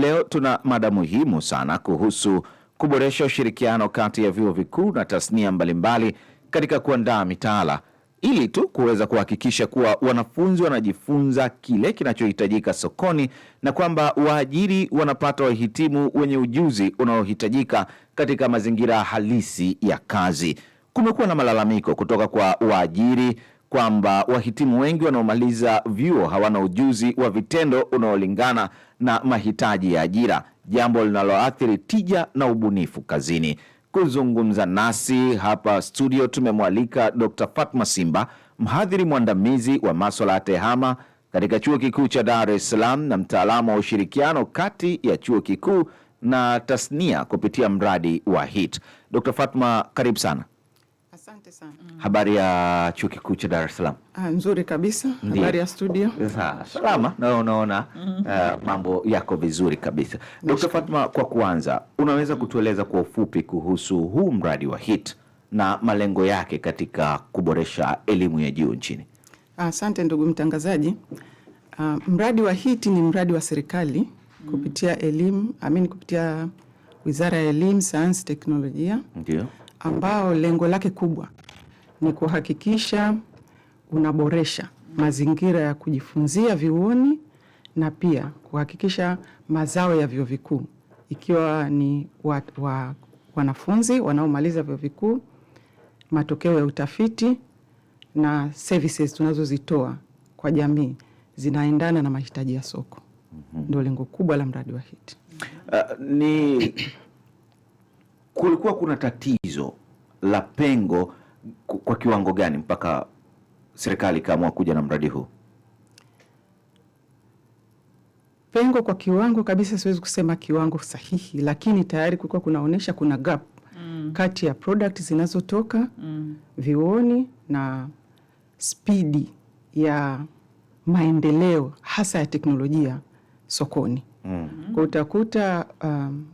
Leo tuna mada muhimu sana kuhusu kuboresha ushirikiano kati ya vyuo vikuu na tasnia mbalimbali katika kuandaa mitaala ili tu kuweza kuhakikisha kuwa wanafunzi wanajifunza kile kinachohitajika sokoni na kwamba waajiri wanapata wahitimu wenye ujuzi unaohitajika katika mazingira halisi ya kazi. Kumekuwa na malalamiko kutoka kwa waajiri kwamba wahitimu wengi wanaomaliza vyuo hawana ujuzi wa vitendo unaolingana na mahitaji ya ajira, jambo linaloathiri tija na ubunifu kazini. Kuzungumza nasi hapa studio tumemwalika Dr. Fatma Simba, mhadhiri mwandamizi wa maswala ya tehama katika Chuo Kikuu cha Dar es Salaam na mtaalamu wa ushirikiano kati ya chuo kikuu na tasnia kupitia mradi wa HIT. Dr. Fatma, karibu sana sana. Mm. Habari ya chuo kikuu cha Dar es Salaam? Ah, nzuri kabisa. Habari ya studio? salama na unaona uh, mambo yako vizuri kabisa. Dr. Fatma, kwa kuanza, unaweza kutueleza kwa ufupi kuhusu huu mradi wa hit na malengo yake katika kuboresha elimu ya juu nchini? Asante ndugu mtangazaji. Uh, mradi wa hit ni mradi wa serikali mm. kupitia elimu amini, kupitia Wizara ya Elimu, Sayansi, Teknolojia, ndio ambao lengo lake kubwa ni kuhakikisha unaboresha mazingira ya kujifunzia vyuoni na pia kuhakikisha mazao ya vyuo vikuu ikiwa ni wa, wa, wanafunzi wanaomaliza vyuo vikuu, matokeo ya utafiti na services tunazozitoa kwa jamii zinaendana na mahitaji ya soko. Mm-hmm. Ndio lengo kubwa la mradi wa HEET. Uh, ni kulikuwa kuna tatizo la pengo kwa kiwango gani mpaka serikali ikaamua kuja na mradi huu? Pengo kwa kiwango kabisa siwezi kusema kiwango sahihi, lakini tayari kulikuwa kunaonyesha kuna gap mm. kati ya product zinazotoka mm. vioni na spidi ya maendeleo hasa ya teknolojia sokoni mm. Mm-hmm. kwa utakuta um,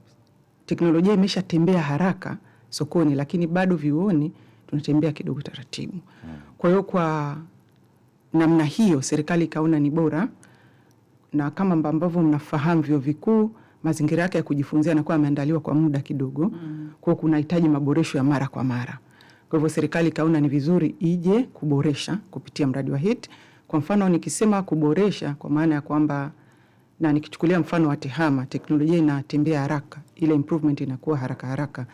teknolojia imeshatembea haraka sokoni, lakini bado vioni tunatembea kidogo taratibu. Kwa hiyo kwa namna hiyo serikali ikaona ni bora, na kama ambavyo mnafahamu vyuo vikuu mazingira yake ya kujifunzia yanakuwa yameandaliwa kwa muda kidogo mm. Kwa hiyo kunahitaji maboresho ya mara kwa mara. Kwa hivyo serikali ikaona ni vizuri ije kuboresha kupitia mradi wa HIT. Kwa mfano nikisema kuboresha kwa maana ya kwamba, na nikichukulia mfano wa TEHAMA, teknolojia inatembea haraka, ile improvement inakuwa haraka haraka,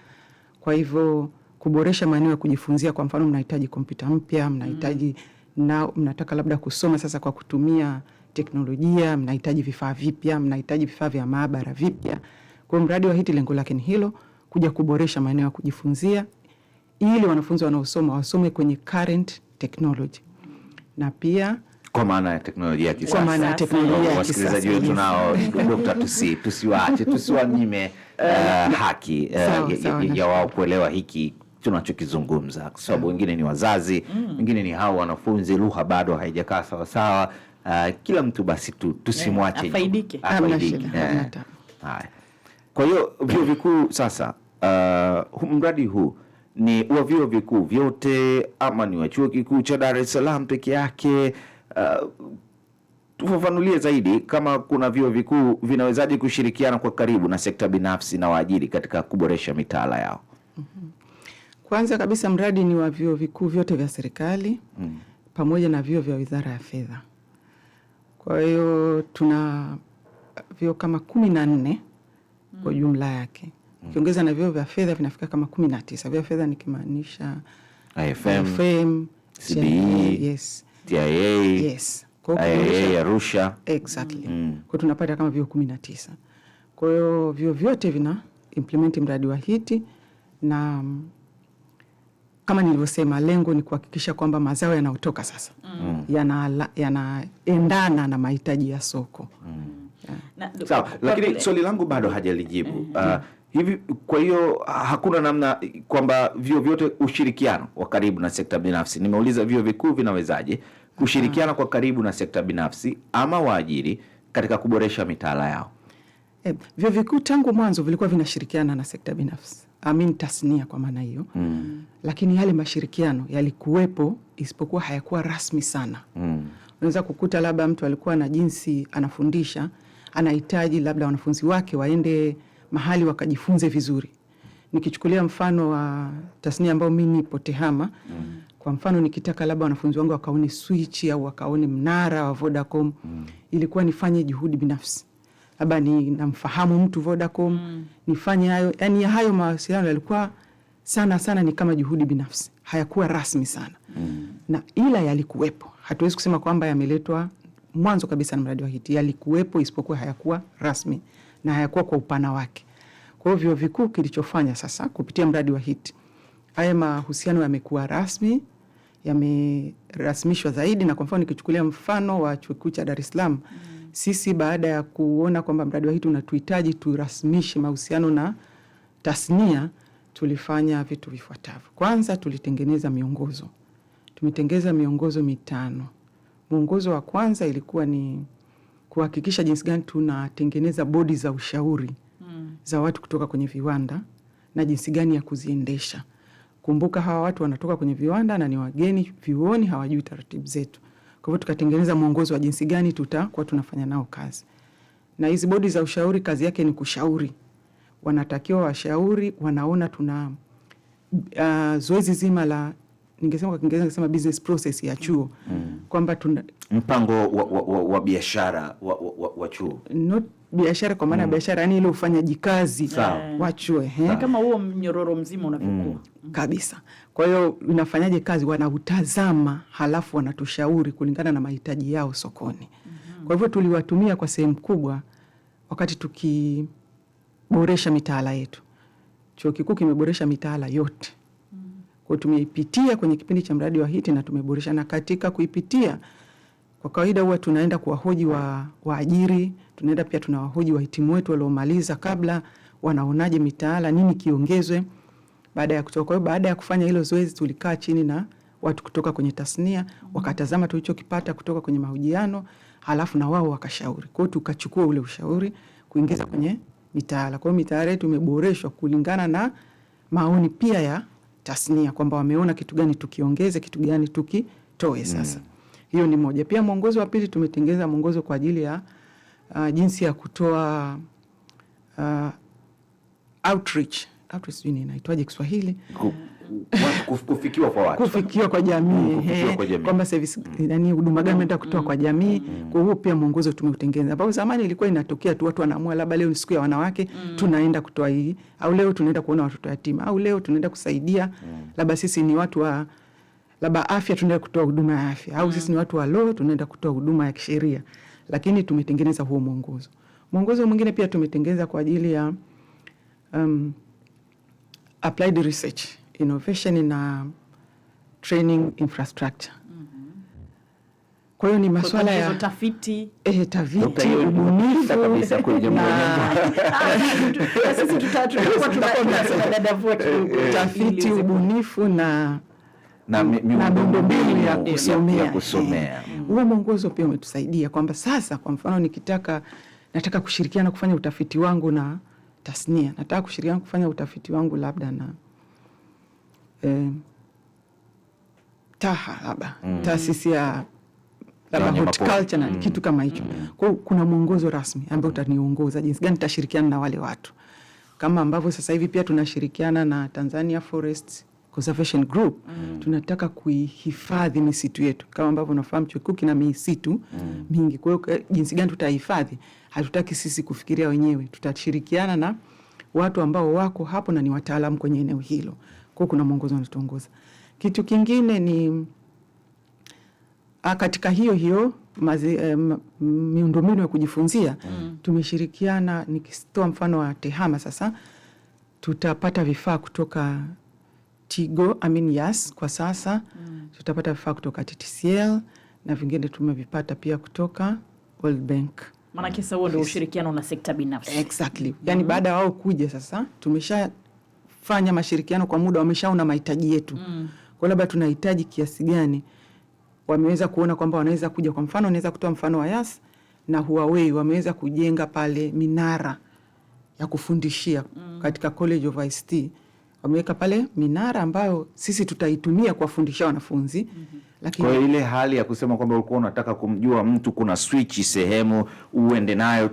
kwa hivyo kuboresha maeneo ya kujifunzia. Kwa mfano, mnahitaji kompyuta mpya, mnahitaji mm. na mnataka labda kusoma sasa kwa kutumia teknolojia, mnahitaji vifaa vipya, mnahitaji vifaa vya maabara vipya. Kwa mradi wa HEET lengo lake ni hilo, kuja kuboresha maeneo ya kujifunzia ili wanafunzi wanaosoma wasome kwenye current technology na pia kwa maana ya teknolojia ya kisasa. Kwa maana ya teknolojia ya kisasa. Wasikilizaji wetu nao Dokta, tusi tusiwaache tusiwanyime uh, haki uh, ya, ya wao kuelewa hiki tunachokizungumza kwa sababu mm. wengine ni wazazi, mm. wengine mm. ni hao wanafunzi, lugha bado haijakaa sawasawa. Uh, ah, kila mtu basi tu, tusimwache eh, afaidike. Eh. kwa hiyo vyuo vikuu sasa, uh, mradi huu ni wa vyuo vikuu vyote ama ni wa chuo kikuu cha Dar es Salaam peke yake? Uh, tufafanulie zaidi, kama kuna vyuo vikuu vinawezaje kushirikiana kwa karibu na sekta binafsi na waajiri katika kuboresha mitaala yao? Kwanza kabisa mradi ni wa vyuo vikuu vyote vya serikali mm. pamoja na vyuo vya Wizara ya Fedha. Kwa hiyo tuna vyuo kama kumi na nne mm. kwa jumla yake mm. ukiongeza mm. na vyuo vya fedha vinafika kama kumi na tisa vyo fedha nikimaanisha IFM, CBE, yes. TIA, yes. IAA, Arusha. Exactly. Mm. Kwa tunapata kama vyuo kumi na tisa. Kwa hiyo vyuo vyote vina implement mradi wa hiti na kama nilivyosema, lengo ni kuhakikisha kwamba mazao yanayotoka sasa mm. yanaendana yana na mahitaji ya soko mm. yeah. Sawa, lakini swali langu bado hajalijibu mm-hmm. uh, hivi kwa hiyo uh, hakuna namna kwamba vyuo vyote ushirikiano wa karibu na sekta binafsi. Nimeuliza vyuo vikuu vinawezaje kushirikiana mm-hmm. kwa karibu na sekta binafsi ama waajiri katika kuboresha mitaala yao? E, vyuo vikuu tangu mwanzo vilikuwa vinashirikiana na sekta binafsi amin tasnia kwa maana hiyo mm. Lakini yale mashirikiano yalikuwepo, isipokuwa hayakuwa rasmi sana mm. Unaweza kukuta labda mtu alikuwa na jinsi anafundisha, anahitaji labda wanafunzi wake waende mahali wakajifunze vizuri. Nikichukulia mfano wa tasnia ambayo mi nipo TEHAMA mm. Kwa mfano nikitaka labda wanafunzi wangu wakaone swichi au wakaone mnara wa Vodacom mm. Ilikuwa nifanye juhudi binafsi labda ni namfahamu mtu Vodacom mm. nifanye hayo. Yani hayo mawasiliano yalikuwa sana sana ni kama juhudi binafsi, hayakuwa rasmi sana mm. na ila yalikuwepo, hatuwezi kusema kwamba yameletwa mwanzo kabisa na mradi wa HEET, yalikuwepo, isipokuwa hayakuwa rasmi na hayakuwa kwa upana wake. Kwa hiyo vyuo vikuu kilichofanya sasa kupitia mradi wa HEET, haya mahusiano yamekuwa rasmi, yamerasmishwa zaidi. Na kwa mfano nikichukulia mfano wa chuo kikuu cha Dar es Salaam mm. Sisi baada ya kuona kwamba mradi wa hii tunatuhitaji turasmishe mahusiano na tasnia, tulifanya vitu vifuatavyo. Kwanza tulitengeneza miongozo, tumetengeza miongozo mitano. Mwongozo wa kwanza ilikuwa ni kuhakikisha jinsi gani tunatengeneza bodi za ushauri hmm. za watu kutoka kwenye viwanda na jinsi gani ya kuziendesha. Kumbuka hawa watu wanatoka kwenye viwanda na ni wageni vyuoni, hawajui taratibu zetu. Kwa hivyo tukatengeneza mwongozo wa jinsi gani tutakuwa tunafanya nao kazi. Na hizi bodi za ushauri kazi yake ni kushauri, wanatakiwa washauri, wanaona tuna uh, zoezi zima la ningesema kwa Kiingereza ningesema business process ya chuo mm. kwamba tuna mpango wa, wa, wa, wa biashara wa, wa, wa chuo not biashara kwa maana ya mm. biashara yani ile ufanyaji kazi wachue eh? kama huo mnyororo mzima unavyokuwa mm. mm. kabisa. Kwa hiyo inafanyaje kazi, wanautazama halafu wanatushauri kulingana na mahitaji yao sokoni mm -hmm. Kwa hivyo tuliwatumia kwa sehemu kubwa wakati tukiboresha mitaala yetu. Chuo kikuu kimeboresha mitaala yote mm. Kwa tumeipitia kwenye kipindi cha mradi wa hiti na tumeboresha, na katika kuipitia kwa kawaida huwa tunaenda kuwahoji wa waajiri, tunaenda pia tunawahoji wahitimu wetu waliomaliza kabla, wanaonaje mitaala, nini kiongezwe baada ya kutoka. Kwa hiyo baada ya kufanya hilo zoezi, tulikaa chini na watu kutoka kwenye tasnia, wakatazama tulichokipata kutoka kwenye mahojiano, halafu na wao wakashauri. Kwa hiyo tukachukua ule ushauri kuingiza kwenye mitaala. Kwa hiyo mitaala yetu imeboreshwa kulingana na maoni pia ya tasnia kwamba wameona kitu gani tukiongeze, kitu gani tukitoe sasa mm. Hiyo ni moja. Pia mwongozo wa pili tumetengeneza mwongozo kwa ajili ya uh, jinsi ya kutoa uh, outreach outreach inaitwaje Kiswahili? kufikiwa kwa watu, kufikiwa kwa jamii, mm, kwamba service mm. huduma gani unataka kutoa kwa mm. jamii. Kwa hiyo pia mwongozo tumeutengeneza, ambapo zamani ilikuwa inatokea tu watu wanaamua, labda leo ni siku ya wanawake, tunaenda kutoa hii, au leo tunaenda kuona watoto yatima, au leo tunaenda kusaidia, labda sisi ni watu wa labda afya tunaenda kutoa huduma ya afya, au sisi ni mm. watu wa law tunaenda kutoa huduma ya kisheria, lakini tumetengeneza huo mwongozo. Mwongozo mwingine pia tumetengeneza kwa ajili ya um, applied research innovation na training infrastructure. Mm-hmm. Kwa hiyo ni maswala ya tafiti eh, tafiti, ubunifu kabisa kwenye ah, sisi tutakuwa tunadada vote tafiti, ubunifu na na miundombinu ya kusomea, ya kusomea. Eh, mm. Huo mwongozo pia umetusaidia kwamba sasa, kwa mfano nikitaka nataka kushirikiana kufanya utafiti wangu na tasnia, nataka kushirikiana kufanya utafiti wangu labda na eh, TAHA labda mm. taasisi ya culture na mm. kitu kama hicho mm. Kwa kuna mwongozo rasmi ambao utaniongoza jinsi gani nitashirikiana na wale watu, kama ambavyo sasa hivi pia tunashirikiana na Tanzania Forests Conservation Group mm. tunataka kuihifadhi misitu yetu kama ambavyo unafahamu chuo kikuu kina misitu mm. mingi. Kwa hiyo eh, jinsi gani tutahifadhi, hatutaki sisi kufikiria wenyewe, tutashirikiana na watu ambao wako hapo na ni wataalamu kwenye eneo hilo. kwao kuna mwongozo wanatuongoza. Kitu kingine ni a, ah, katika hiyo hiyo eh, miundombinu ya kujifunzia mm. tumeshirikiana, nikitoa mfano wa TEHAMA sasa tutapata vifaa kutoka Tigo, I mean Yas kwa sasa mm. tutapata vifaa kutoka TTCL na vingine tumevipata pia kutoka World Bank. Maana kisa huo ndio ushirikiano na sekta binafsi. Exactly. Yaani mm. baada ya wao kuja sasa tumeshafanya mashirikiano kwa muda, wameshaona mahitaji yetu mm. kwa labda tunahitaji kiasi gani, wameweza kuona kwamba wanaweza kuja. Kwa mfano wanaweza kutoa mfano wa Yas na Huawei wameweza kujenga pale minara ya kufundishia mm. katika College of ICT wameweka pale minara ambayo sisi tutaitumia kuwafundisha wanafunzi mm -hmm. Lakini kwa ile hali ya kusema kwamba ulikuwa unataka kumjua mtu, kuna swichi sehemu uende nayo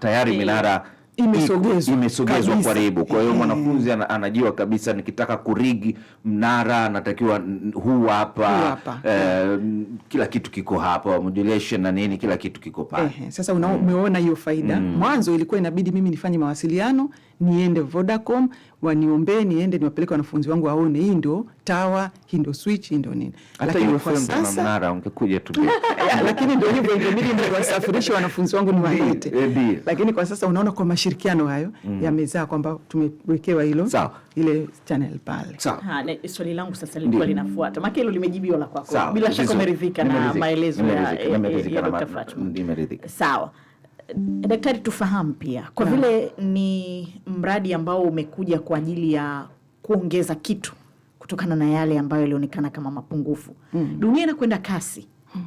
tayari e, minara imesogezwa imesogezwa karibu. Kwa hiyo eh. mwanafunzi anajua kabisa, nikitaka kurigi mnara natakiwa huu hapa e, kila kitu kiko hapa, modulation na nini, kila kitu kiko pale. Eh, Sasa umeona hiyo faida. Mm. Mwanzo ilikuwa inabidi mimi nifanye mawasiliano niende Vodacom waniombee niende niwapeleke wanafunzi wangu waone, hii ndio tawa, hii ndio switch, hii ndo nini. Lakini ndo hivyo, ingebidi niwasafirishe wanafunzi wangu niwalete. Lakini kwa sasa unaona, kwa mashirikiano hayo mm. yamezaa kwamba tumewekewa hilo ile channel pale. Ah, swali langu sasa lilikuwa linafuata, maana hilo limejibiwa la kwako, bila shaka umeridhika na maelezo ya eh, eh, Dr. Fatuma. Sawa daktari, tufahamu pia kwa yeah, vile ni mradi ambao umekuja kwa ajili ya kuongeza kitu kutokana na yale ambayo yalionekana kama mapungufu mm. Dunia inakwenda kasi mm.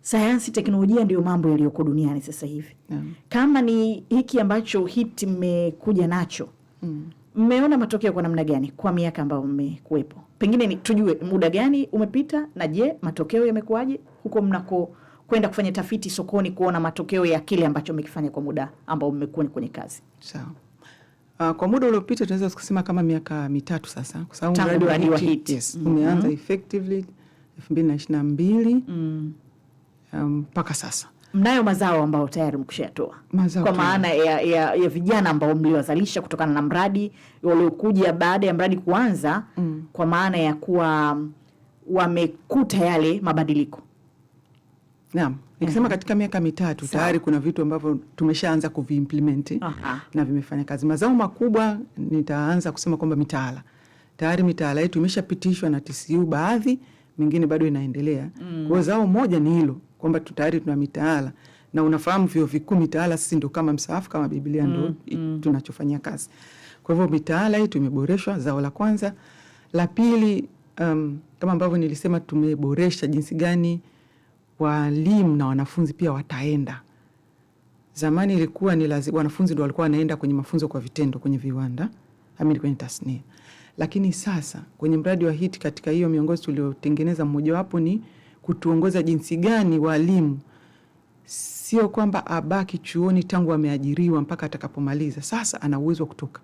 Sayansi, teknolojia ndio mambo yaliyoko duniani sasa hivi mm. Kama ni hiki ambacho HIT mmekuja nacho mm. mmeona mm. matokeo kwa namna gani kwa miaka ambayo mmekuwepo, pengine ni tujue muda gani umepita, na je matokeo yamekuwaje huko mnako kwenda kufanya tafiti sokoni kuona matokeo ya kile ambacho mmekifanya kwa muda ambao mmekuwa kwenye kazi. Sawa. Uh, kwa muda uliopita tunaweza kusema kama miaka mitatu sasa kwa sababu mradi wa Hit yes, mm -hmm. umeanza effectively 2022 mm. Um, mpaka um, sasa mnayo mazao ambayo tayari mkushatoa kwa maana ya, ya, ya vijana ambao mliwazalisha kutokana na mradi waliokuja baada ya mradi kuanza mm. kwa maana ya kuwa mm, wamekuta yale mabadiliko Naam, nikisema mhm. katika miaka mitatu tayari kuna vitu ambavyo tumeshaanza kuviimplement na vimefanya kazi. Mazao makubwa nitaanza kusema kwamba mitaala, tayari mitaala yetu imeshapitishwa na TCU, baadhi mingine bado inaendelea mm. Kwa zao moja ni hilo kwamba tayari tuna mitaala na unafahamu vyuo vikuu mitaala sisi ndo kama msaafu kama Biblia ndo mm, mm. tunachofanyia kazi. Kwa hivyo mitaala yetu imeboreshwa, zao la kwanza. La pili um, kama ambavyo nilisema tumeboresha jinsi gani walimu na wanafunzi pia wataenda. Zamani ilikuwa ni lazima wanafunzi ndo walikuwa wanaenda kwenye mafunzo kwa vitendo kwenye viwanda amini, kwenye tasnia, lakini sasa kwenye mradi wa hit katika hiyo miongozo tuliotengeneza, mmojawapo ni kutuongoza jinsi gani walimu sio kwamba abaki chuoni tangu ameajiriwa mpaka atakapomaliza. Sasa ana uwezo wa kutoka,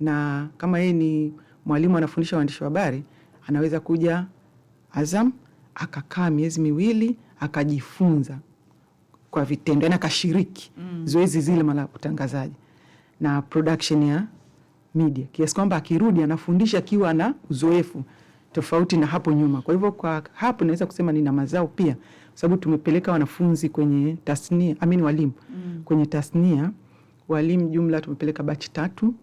na kama yeye ni mwalimu anafundisha waandishi wa habari, anaweza kuja Azam akakaa miezi miwili akajifunza kwa vitendo, yani akashiriki mm. zoezi zile mala utangazaji na production ya media, kiasi kwamba akirudi anafundisha akiwa na uzoefu tofauti na hapo nyuma. Kwa hivyo kwa hapo naweza kusema nina mazao pia, kwa sababu tumepeleka wanafunzi kwenye tasnia, amini walimu mm. kwenye tasnia walimu jumla tumepeleka bachi tatu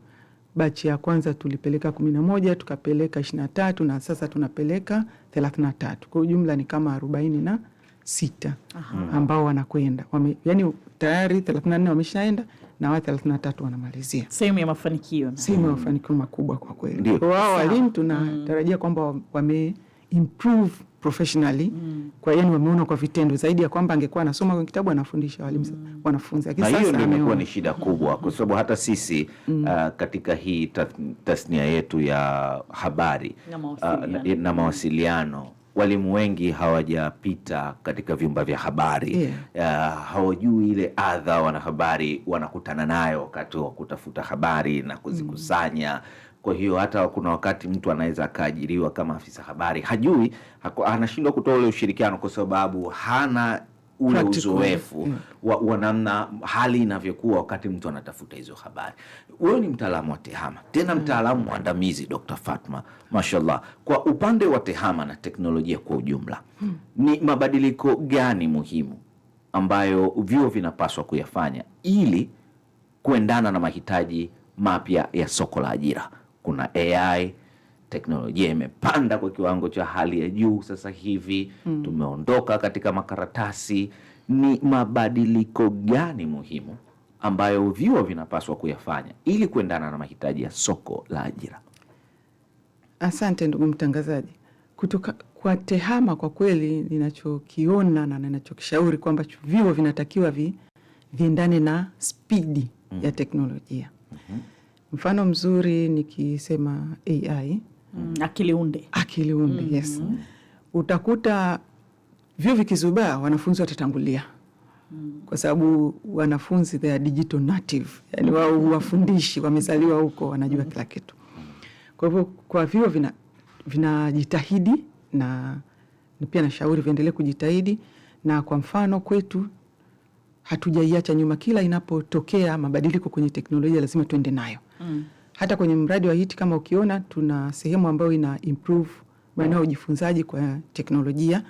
bachi ya kwanza tulipeleka kumi na moja tukapeleka ishirini na tatu na sasa tunapeleka thelathini na tatu kwa ujumla ni kama arobaini na sita Aha. Mm. ambao wanakwenda wame, yani tayari thelathini na nne wameshaenda na wa thelathini na tatu wanamalizia. Sehemu ya mafanikio, sehemu ya mafanikio makubwa kwa kweli. Wao walimu mm. tunatarajia kwamba wame improve professionally mm. Kwa hiyo wameona kwa vitendo zaidi ya kwamba angekuwa anasoma kwenye kitabu anafundisha walimu mm. wanafunzi, lakini sasa hiyo ndio imekuwa ni shida kubwa, kwa sababu hata sisi mm. uh, katika hii tasnia yetu ya habari na uh, mawasiliano, uh, na, na mawasiliano walimu wengi hawajapita katika vyumba vya habari yeah. Uh, hawajui ile adha wanahabari wanakutana nayo wakati wa kutafuta habari na kuzikusanya mm. Kwa hiyo hata kuna wakati mtu anaweza akaajiriwa kama afisa habari, hajui, anashindwa kutoa ule ushirikiano kwa sababu hana ule uzoefu hmm. wa, wa namna hali inavyokuwa wakati mtu anatafuta hizo habari. Wewe ni mtaalamu wa tehama tena hmm. mtaalamu mwandamizi Dr. Fatma, mashallah. Kwa upande wa tehama na teknolojia kwa ujumla hmm. ni mabadiliko gani muhimu ambayo vyuo vinapaswa kuyafanya ili kuendana na mahitaji mapya ya soko la ajira? kuna AI, teknolojia imepanda kwa kiwango cha hali ya juu sasa hivi mm. Tumeondoka katika makaratasi. Ni mabadiliko gani muhimu ambayo vyuo vinapaswa kuyafanya ili kuendana na mahitaji ya soko la ajira? Asante ndugu mtangazaji. Kutoka kwa TEHAMA, kwa kweli ninachokiona na ninachokishauri kwamba vyuo vinatakiwa vi, viendane na spidi mm. ya hmm. teknolojia mm -hmm. Mfano mzuri nikisema AI mm, akili unde, akili unde mm. Yes, utakuta vyuo vikizubaa wanafunzi watatangulia mm. kwa sababu wanafunzi they are digital native, yani wao mm-hmm. wafundishi wamezaliwa huko, wanajua mm-hmm. kila kitu. Kwa hivyo kwa vyuo vina vinajitahidi na pia nashauri viendelee kujitahidi, na kwa mfano kwetu hatujaiacha nyuma. Kila inapotokea mabadiliko kwenye teknolojia lazima tuende nayo hata kwenye mradi wa hiti kama ukiona tuna sehemu ambayo ina improve maeneo ya ujifunzaji kwa teknolojia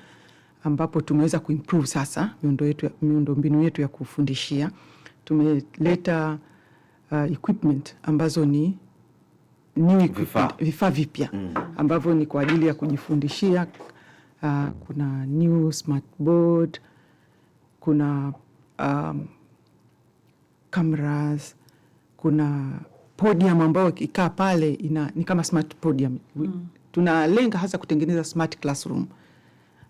ambapo tumeweza kuimprove sasa miundo yetu, miundo mbinu yetu ya kufundishia. Tumeleta uh, equipment ambazo ni new equipment, vifaa vipya mm. ambavyo ni kwa ajili ya kujifundishia uh, kuna new smart board, kuna um, cameras, kuna podium ambayo ikaa pale ina, ni kama smart podium mm. Tunalenga hasa kutengeneza smart classroom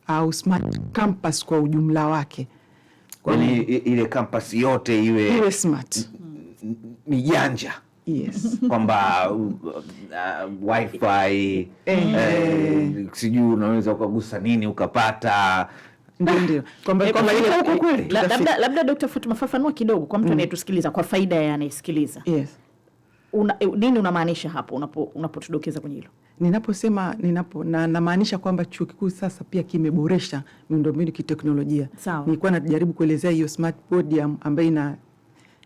au smart campus kwa ujumla wake, yaani ile campus yote iwe, iwe smart mijanja Yes. kwamba uh, uh, wifi eh. eh, sijui unaweza ukagusa nini ukapata ndio ndio, kwamba eh, labda Dr. Fatuma fafanua kidogo kwa mtu mm. anayetusikiliza, mm. kwa faida ya anayesikiliza yes una, eh, nini unamaanisha hapo unapotudokeza kwenye hilo? Ninaposema ninapo na namaanisha kwamba chuo kikuu sasa pia kimeboresha miundombinu kiteknolojia. Nilikuwa najaribu kuelezea hiyo smart podium ambayo ina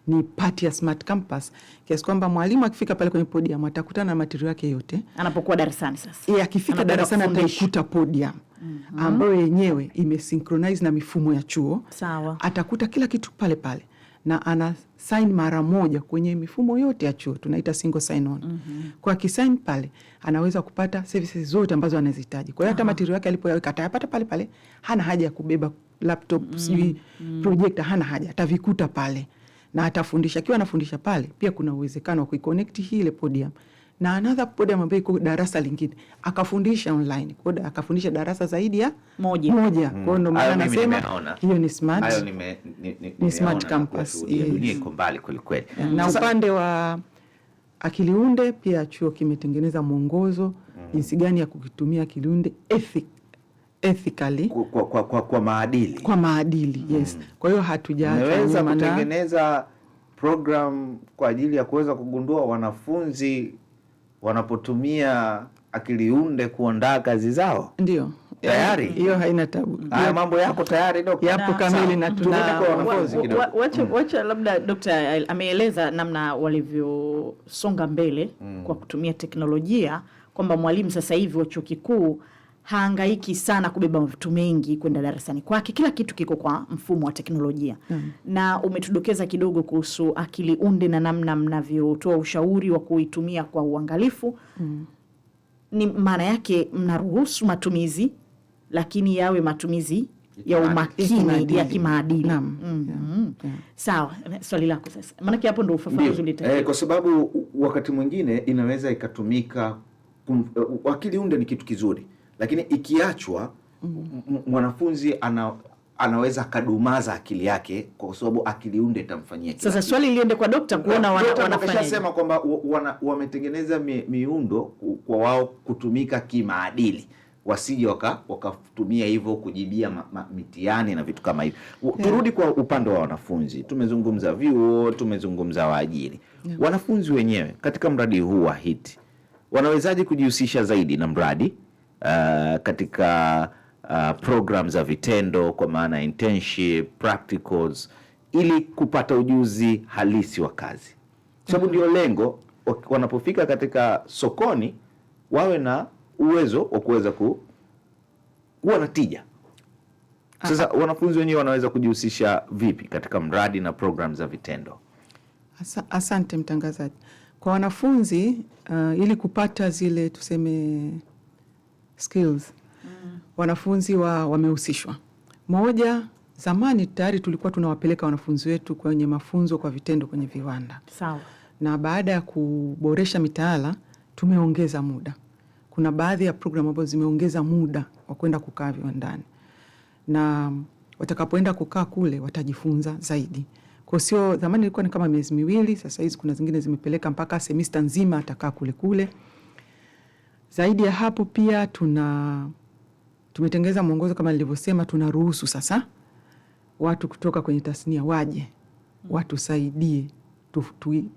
ni part ya smart campus kiasi kwamba mwalimu akifika pale kwenye podium atakutana na material yake yote anapokuwa darasani. Sasa yeye akifika darasani ataikuta podium mm -hmm. ambayo yenyewe imesynchronize na mifumo ya chuo. Sawa. Atakuta kila kitu pale pale na ana sign mara moja kwenye mifumo yote ya chuo tunaita single sign on. Mm -hmm. Kwa kisign pale anaweza kupata services zote ambazo anazihitaji. Kwa hiyo hata material yake alipoyaweka atayapata pale pale, hana haja ya kubeba laptop, mm -hmm. sijui mm-hmm. projector, hana haja, atavikuta pale na atafundisha. Akiwa anafundisha pale, pia kuna uwezekano wa kuiconnect hii ile podium na another boda ambaye iko darasa lingine akafundisha online boda, akafundisha darasa zaidi ya moja moja. Kwa hiyo ndio mm. maana nasema hiyo ni smart, nime, ni smart campus. yes. Dunia Iko mbali kweli kweli. Mm. Na upande wa akiliunde pia chuo kimetengeneza mwongozo mm. jinsi gani ya kukitumia akiliunde ethic ethically kwa, kwa, kwa, kwa maadili kwa maadili mm. Yes, kwa hiyo hatujaweza kutengeneza program kwa ajili ya kuweza kugundua wanafunzi wanapotumia akili unde kuandaa kazi zao, ndio tayari hiyo haina tabu. Haya mambo yako tayari dok, yapo kamili na tuna wanafunzi kidogo. Mm. Wacha labda Dokta ameeleza namna walivyosonga mbele mm. kwa kutumia teknolojia kwamba mwalimu sasa hivi wa chuo kikuu haangaiki sana kubeba vitu mengi kwenda darasani kwake, kila kitu kiko kwa mfumo wa teknolojia mm. Na umetudokeza kidogo kuhusu akili unde na namna mnavyotoa ushauri wa kuitumia kwa uangalifu mm. Ni maana yake mnaruhusu matumizi, lakini yawe matumizi ya umakini ya kimaadili mm. mm yeah. Sawa, swali lako sasa, maanake hapo ndo ufafanuzi eh, kwa sababu wakati mwingine inaweza ikatumika kum, uh, akili unde ni kitu kizuri lakini ikiachwa mwanafunzi ana anaweza akadumaza akili yake kwa sababu akili unde itamfanyia. Sasa swali liende kwa dokta kuona wanafanya kwamba wametengeneza miundo kwa wao kutumika kimaadili, wasije wakatumia hivyo kujibia ma, ma, mitihani na vitu kama hivyo. Turudi kwa upande wa wanafunzi, tumezungumza vyuo, tumezungumza waajiri yeah. Wanafunzi wenyewe katika mradi huu wa HEET wanawezaje kujihusisha zaidi na mradi uh, katika uh, program za vitendo kwa maana internship, practicals ili kupata ujuzi halisi wa kazi, sababu ndio lengo, wanapofika katika sokoni wawe na uwezo wa kuweza ku, kuwa na tija. Sasa wanafunzi wenyewe wanaweza kujihusisha vipi katika mradi na program za vitendo? Asa, asante mtangazaji. Kwa wanafunzi uh, ili kupata zile tuseme skills mm. wanafunzi wa wamehusishwa. Moja, zamani tayari tulikuwa tunawapeleka wanafunzi wetu kwenye mafunzo kwa vitendo kwenye viwanda Sao. na baada ya kuboresha mitaala tumeongeza muda. Kuna baadhi ya programu ambazo zimeongeza muda wa kwenda kukaa viwandani, na watakapoenda kukaa kule watajifunza zaidi. Kwa sio, zamani ilikuwa ni kama miezi miwili, sasa hizi kuna zingine zimepeleka mpaka semista nzima atakaa kule kule. Zaidi ya hapo pia tuna tumetengeneza mwongozo kama nilivyosema, tunaruhusu sasa watu kutoka kwenye tasnia waje watusaidie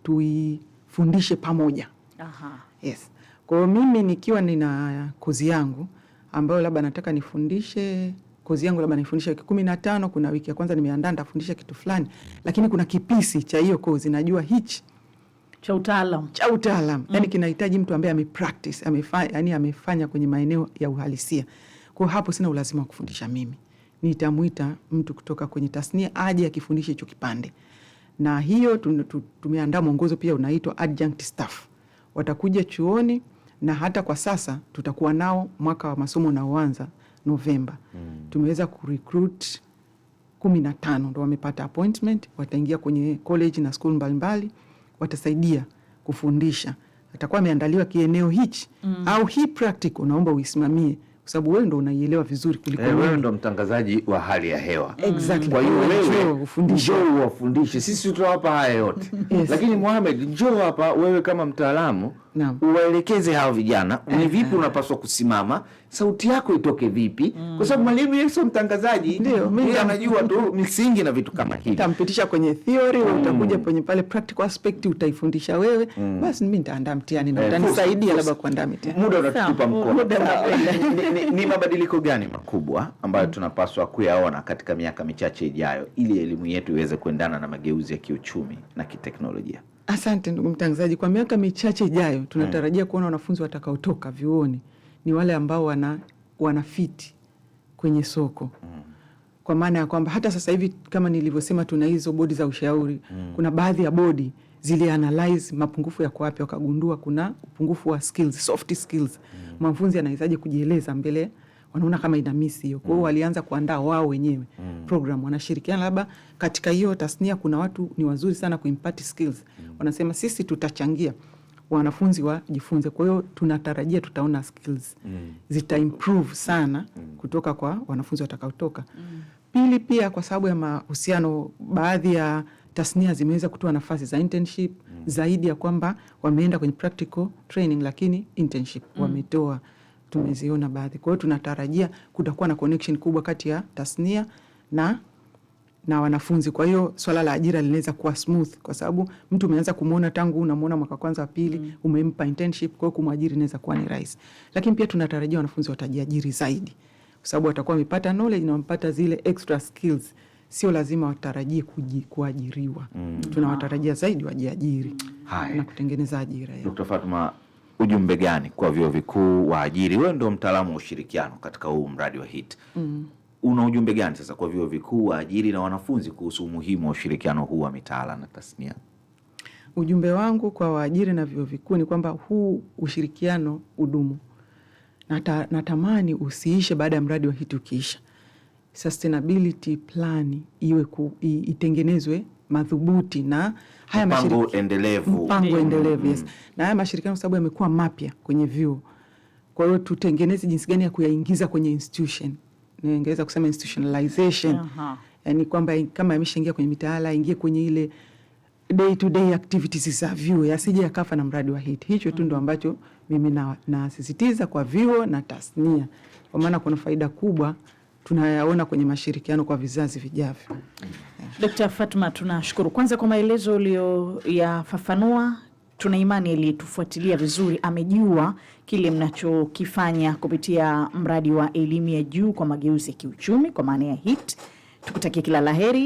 tuifundishe tu, tu, pamoja. Aha. Yes. Kwa hiyo mimi nikiwa nina kozi yangu ambayo labda nataka nifundishe kozi yangu labda nifundisha wiki kumi na tano, kuna wiki ya kwanza nimeandaa ntafundisha kitu fulani, lakini kuna kipisi cha hiyo kozi najua hichi cha utaalam cha utaalam mm. Yani kinahitaji mtu ambaye amepractice amefanya, yani amefanya kwenye maeneo ya uhalisia. Kwa hapo sina ulazima wa kufundisha mimi, nitamwita mtu kutoka kwenye tasnia aje akifundisha hicho kipande, na hiyo tumeandaa mwongozo pia unaitwa adjunct staff, watakuja chuoni na hata kwa sasa tutakuwa nao mwaka wa masomo unaoanza Novemba. mm. tumeweza kurecruit kumi na tano ndo wamepata appointment, wataingia kwenye college na school mbalimbali mbali watasaidia kufundisha, atakuwa ameandaliwa kieneo hichi mm. au hii practical unaomba uisimamie kwa sababu wewe ndo unaielewa vizuri kuliko mimi. Eh, wewe ndo mtangazaji wa hali ya hewa. Mm. Exactly. Kwa hiyo wewe ufundishe, uwafundishe. Sisi tutawapa haya yote. Yes. Lakini Mohamed, njoo hapa wewe kama mtaalamu uwaelekeze hawa vijana eh, ni uh-huh. vipi eh. unapaswa kusimama, sauti yako itoke vipi? Mm. Kwa sababu Mwalimu Yesu mtangazaji, ndio mimi anajua tu misingi na vitu kama hivi. Utampitisha kwenye theory, mm. utakuja kwenye pale practical aspect utaifundisha wewe, mm. basi mimi nitaandaa mtihani na utanisaidia labda kuandaa mtihani. Muda unatupa mkono. ni, ni mabadiliko gani makubwa ambayo tunapaswa kuyaona katika miaka michache ijayo ili elimu yetu iweze kuendana na mageuzi ya kiuchumi na kiteknolojia? Asante ndugu mtangazaji. Kwa miaka michache ijayo tunatarajia hmm, kuona wanafunzi watakaotoka vyuoni ni wale ambao wana wanafiti kwenye soko hmm, kwa maana ya kwamba hata sasa hivi kama nilivyosema, tuna hizo bodi za ushauri hmm, kuna baadhi ya bodi zilianalyze mapungufu yako wapi, wakagundua kuna upungufu wa skills, soft skills. Mm. Mwanafunzi anawezaje kujieleza mbele wanaona kama ina misi hiyo. Kwa hiyo mm. walianza kuandaa wao wenyewe mm. program, wanashirikiana labda katika hiyo tasnia. Kuna watu ni wazuri sana kuimpart skills mm. wanasema sisi tutachangia wanafunzi wajifunze. Kwa hiyo tunatarajia tutaona skills mm. zita improve sana mm. kutoka kwa wanafunzi watakaotoka mm. Pili pia kwa sababu ya mahusiano, baadhi ya tasnia zimeweza kutoa nafasi za internship mm. zaidi ya kwamba wameenda kwenye practical training, lakini internship mm. wametoa, tumeziona baadhi. Kwa hiyo tunatarajia kutakuwa na connection kubwa kati ya tasnia na na wanafunzi. Kwa hiyo swala la ajira linaweza kuwa smooth, kwa sababu mtu umeanza kumwona tangu unamwona mwaka kwanza wa pili mm. umempa internship, kwa hiyo kumwajiri inaweza kuwa ni rahisi, lakini pia tunatarajia wanafunzi watajiajiri zaidi, kwa sababu watakuwa wamepata knowledge na wamepata zile extra skills sio lazima watarajie kuajiriwa mm. tunawatarajia zaidi wajiajiri na kutengeneza ajira. Dkt. Fatma, ujumbe gani kwa vyuo vikuu waajiri? Wewe ndio mtaalamu wa ushirikiano katika huu mradi wa HIT mm. una ujumbe gani sasa kwa vyuo vikuu waajiri na wanafunzi kuhusu umuhimu wa ushirikiano huu wa mitaala na tasnia? Ujumbe wangu kwa waajiri na vyuo vikuu ni kwamba huu ushirikiano udumu. Nata, natamani usiishe baada ya mradi wa HIT ukiisha sustainability plan iwe ku, i, itengenezwe madhubuti na haya mpango endelevu, mpango endelevu yes. mm. Na haya mashirikano kwa sababu yamekuwa mapya kwenye vyuo, kwa hiyo tutengeneze jinsi gani ya kuyaingiza kwenye institution, ningeweza kusema institutionalization. uh -huh. Yani kwamba kama yameshaingia kwenye mitaala ingie kwenye ile day to day activities za vyuo, yasije yakafa na mradi wa HEET. Hicho tu ndo mm-hmm. ambacho mimi nasisitiza na kwa vyuo na tasnia, kwa maana kuna faida kubwa tunayaona kwenye mashirikiano kwa vizazi vijavyo. Dkt. Fatma, tunashukuru kwanza kwa maelezo uliyoyafafanua. Tuna imani aliyetufuatilia vizuri amejua kile mnachokifanya kupitia mradi wa elimu ya juu kwa mageuzi ya kiuchumi kwa maana ya HEET. Tukutakie kila laheri